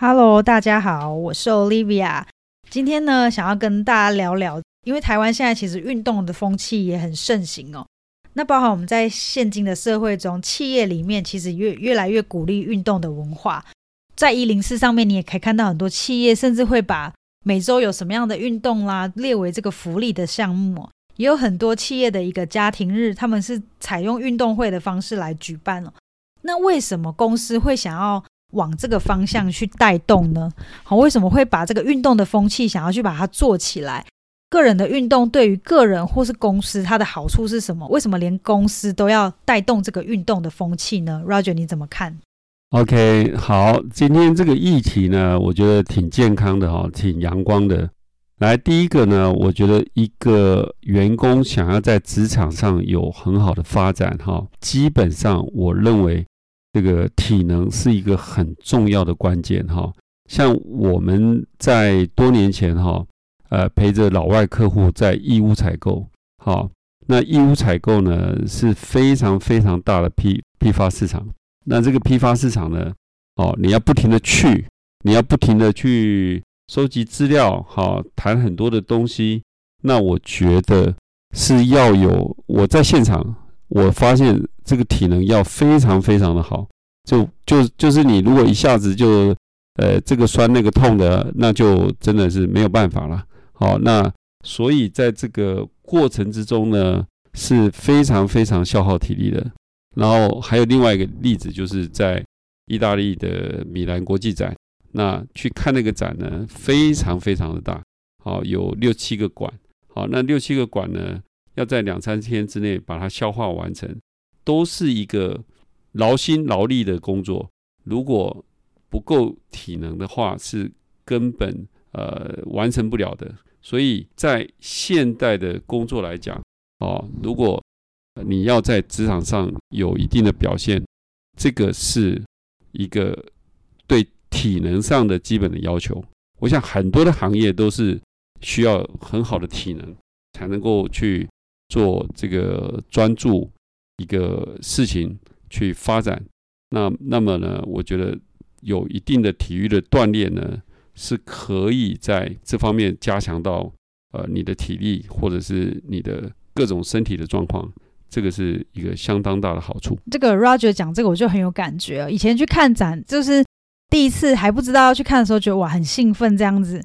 哈嘍，大家好，我是 Olivia。今天呢，想要跟大家聊聊，因為台灣現在其實運動的風氣也很盛行哦。那包含我們在現今的社會中，企業裡面其實越越來越鼓勵運動的文化。在一零四上面，你也可以看到很多企業甚至會把每周有什麼樣的運動啦、啊，列為這個福利的項目哦。也有很多企業的一個家庭日，他們是採用運動會的方式來舉辦哦，那為什麼公司會想要往這個方向去帶動呢？好，為什麼會把這個運動的風氣想要去把它做起來？個人的運動對於個人或是公司，它的好處是什麼？為什麼連公司都要帶動這個運動的風氣呢？Roger，你怎麼看？OK，好，今天這個議題呢，我覺得挺健康的哈，挺陽光的。來，第一個呢，我覺得一個員工想要在職場上有很好的發展哈，基本上我認為。這個體能是一個很重要的關鍵哈，像我們在多年前哈，呃陪着老外客戶在義烏採購，哈，那義烏採購呢是非常非常大的批批發市場，那這個批發市場呢，哦你要不停的去，你要不停的去收集資料，哈，談很多的東西，那我覺得是要有我在現場。我發現這個體能要非常非常的好，就就就是你如果一下子就，呃，這個酸那個痛的，那就真的是沒有辦法了。好，那所以在這個過程之中呢，是非常非常消耗體力的。然後還有另外一個例子，就是在意大利的米蘭國際展，那去看那個展呢，非常非常的大，好，有六七個館，好，那六七個館呢。要在兩三天之內把它消化完成，都是一個勞心勞力的工作。如果不夠體能的話，是根本呃完成不了的。所以在現代的工作來講，哦，如果你要在職場上有一定的表現，這個是一個對體能上的基本的要求。我想很多的行業都是需要很好的體能才能夠去。做這個專注一個事情，去發展，那那麼呢，我覺得有一定的體育的鍛鍊呢，是可以在這方面加強到呃你的體力或者是你的各種身體的狀況，這個是一個相當大的好處。這個 Roger 講這個我就很有感覺，以前去看展就是第一次還不知道要去看的時候，覺得哇很興奮這樣子。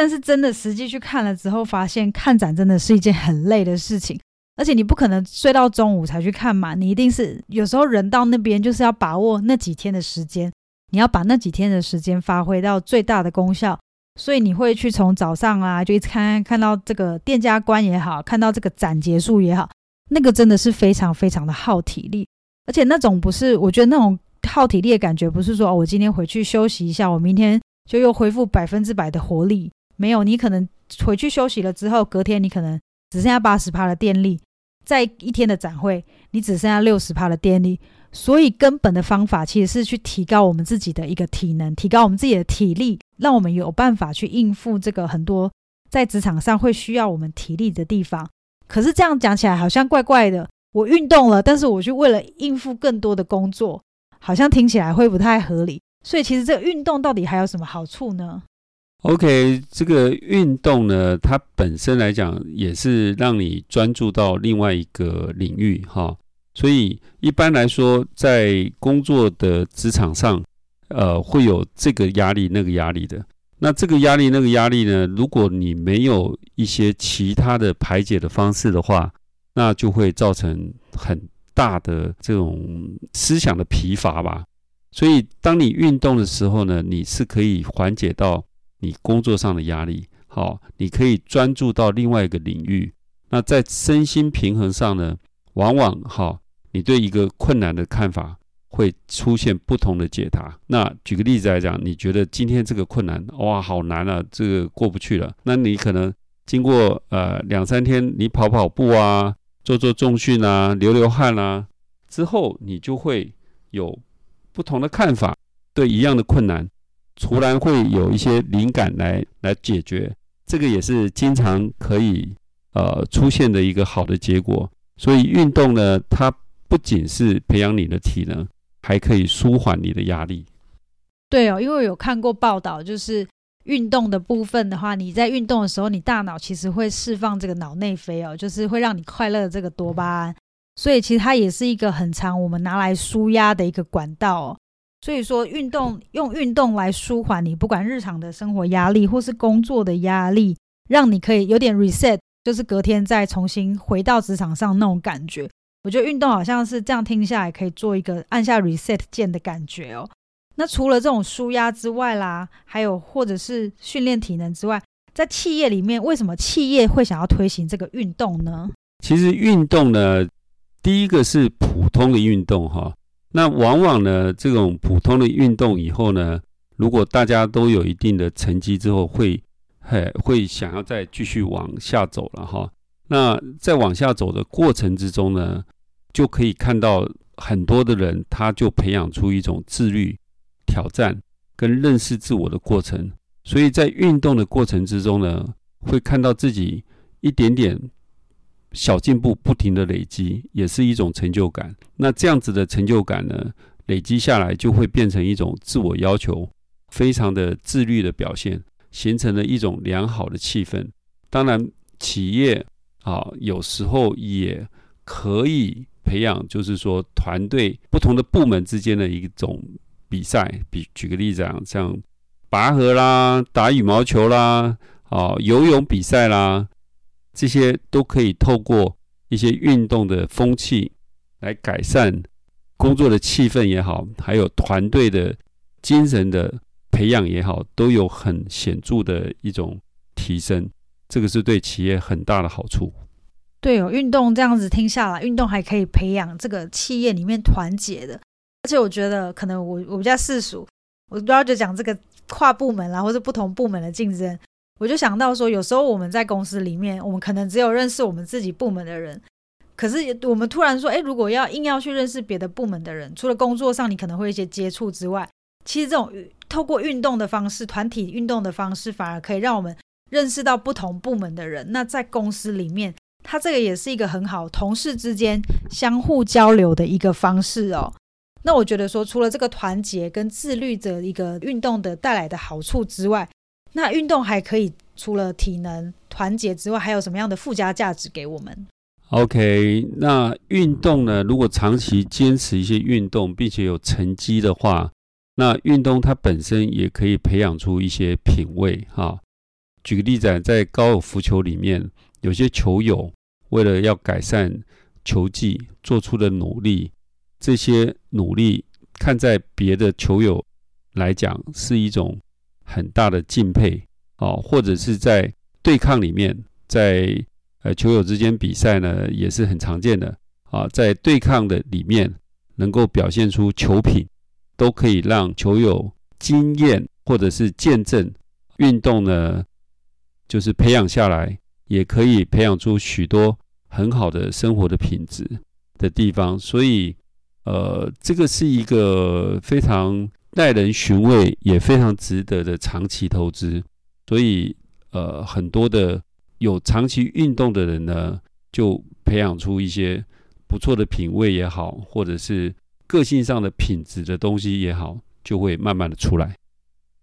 但是真的實際去看了之後，發現看展真的是一件很累的事情，而且你不可能睡到中午才去看嘛，你一定是有時候人到那邊就是要把握那幾天的時間，你要把那幾天的時間發揮到最大的功效，所以你會去從早上啊就一直看，看到這個店家關也好，看到這個展結束也好，那個真的是非常非常的耗體力，而且那種不是我覺得那種耗體力的感覺，不是說、哦、我今天回去休息一下，我明天就又恢復百分之百的活力。沒有，你可能回去休息了之後，隔天你可能只剩下八十帕的電力，在一天的展會，你只剩下六十帕的電力。所以根本的方法其實是去提高我們自己的一個體能，提高我們自己的體力，讓我們有辦法去應付這個很多在職場上會需要我們體力的地方。可是這樣講起來好像怪怪的，我運動了，但是我就為了應付更多的工作，好像聽起來會不太合理。所以其實這個運動到底還有什麼好處呢？OK，這個運動呢，它本身來講也是讓你專注到另外一個領域哈。所以一般來說，在工作的職場上，呃，會有這個壓力那個壓力的。那這個壓力那個壓力呢，如果你沒有一些其他的排解的方式的話，那就會造成很大的這種思想的疲乏吧。所以當你運動的時候呢，你是可以緩解到。你工作上的壓力，好，你可以專注到另外一個領域。那在身心平衡上呢，往往，哈，你對一個困難的看法會出現不同的解答。那舉個例子來講，你覺得今天這個困難，哇，好難啊，這個過不去了。那你可能經過呃兩三天，你跑跑步啊，做做重訓啊，流流汗啊，之後你就會有不同的看法，對一樣的困難。突然會有一些靈感來來解決，這個也是經常可以呃出現的一個好的結果。所以運動呢，它不僅是培養你的體能，還可以舒緩你的壓力。對哦，因為我有看過報道，就是運動的部分的話，你在運動的時候，你大腦其實會釋放這個腦內啡哦，就是會讓你快樂的這個多巴胺。所以其實它也是一個很常我們拿來舒壓的一個管道、哦。所以說，運動用運動來舒緩你，不管日常的生活壓力或是工作的壓力，讓你可以有點 reset，就是隔天再重新回到職場上那種感覺。我覺得運動好像是這樣聽下來，可以做一個按下 reset 鍵的感覺哦。那除了這種舒壓之外啦，還有或者是訓練體能之外，在企業裡面，為什麼企業會想要推行這個運動呢？其實運動呢，第一個是普通的運動哈、哦。那往往呢，這種普通的運動以後呢，如果大家都有一定的成績之後，會，嘿，會想要再繼續往下走了哈。那在往下走的過程之中呢，就可以看到很多的人，他就培養出一種自律、挑戰跟認識自我的過程。所以在運動的過程之中呢，會看到自己一點點，小進步不停地累積，也是一種成就感。那這樣子的成就感呢，累積下來就會變成一種自我要求，非常的自律的表現，形成了一種良好的氣氛。當然，企業啊、哦，有時候也可以培養，就是說團隊不同的部門之間的一種比賽。比舉個例子啊，像拔河啦、打羽毛球啦、啊、哦、游泳比賽啦。這些都可以透過一些運動的風氣來改善工作的氣氛也好，還有團隊的精神的培養也好，都有很顯著的一種提升。這個是對企業很大的好處。對哦，運動這樣子聽下來，運動還可以培養這個企業裡面團結的。而且我覺得，可能我我比較世俗，我不知道就講這個跨部門啦，或者不同部門的競爭。我就想到說，有時候我們在公司裡面，我們可能只有認識我們自己部門的人，可是我們突然說，哎，如果要硬要去認識別的部門的人，除了工作上你可能會一些接觸之外，其實這種透過運動的方式，團體運動的方式，反而可以讓我們認識到不同部門的人。那在公司裡面，它這個也是一個很好同事之間相互交流的一個方式哦。那我覺得說，除了這個團結跟自律的一個運動的帶來的好處之外，那運動還可以除了體能團結之外，還有什麼樣的附加價值給我們？OK，那運動呢？如果長期堅持一些運動，並且有成績的話，那運動它本身也可以培養出一些品味。哈，舉個例子，在高爾夫球裡面，有些球友為了要改善球技，做出的努力，這些努力看在別的球友來講是一種。很大的敬佩哦、啊，或者是在對抗裡面，在呃球友之間比賽呢，也是很常見的啊。在對抗的裡面，能夠表現出球品，都可以讓球友經驗或者是見證。運動呢，就是培養下來，也可以培養出許多很好的生活的品質的地方。所以，呃，這個是一個非常。耐人尋味，也非常值得的長期投資。所以，呃，很多的有長期運動的人呢，就培養出一些不錯的品味也好，或者是個性上的品質的東西也好，就會慢慢的出來。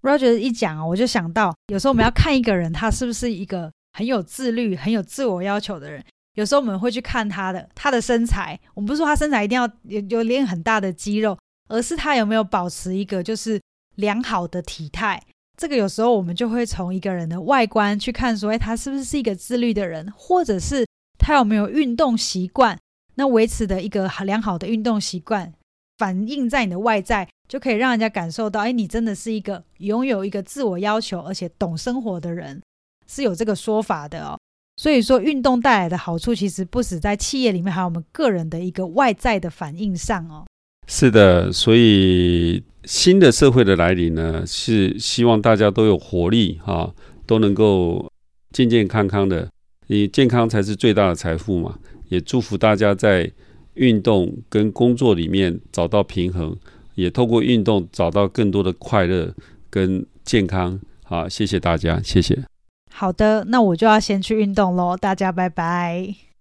Roger 一講啊，我就想到，有時候我們要看一個人，他是不是一個很有自律、很有自我要求的人。有時候我們會去看他的他的身材，我們不是說他身材一定要有有練很大的肌肉。而是他有沒有保持一個就是良好的體態，這個有時候我們就會從一個人的外觀去看說，說、欸、哎，他是不是是一個自律的人，或者是他有沒有運動習慣，那維持的一個良好的運動習慣，反映在你的外在，就可以讓人家感受到，哎、欸、你真的是一個擁有一個自我要求而且懂生活的人，是有這個說法的哦。所以說運動帶來的好處，其實不止在企業裡面，還有我們個人的一個外在的反應上哦。是的，所以新的社會的來臨呢，是希望大家都有活力哈、啊，都能夠健健康康的。你健康才是最大的財富嘛。也祝福大家在運動跟工作裡面找到平衡，也透過運動找到更多的快樂跟健康。好、啊，謝謝大家，謝謝。好的，那我就要先去運動嘍，大家拜拜。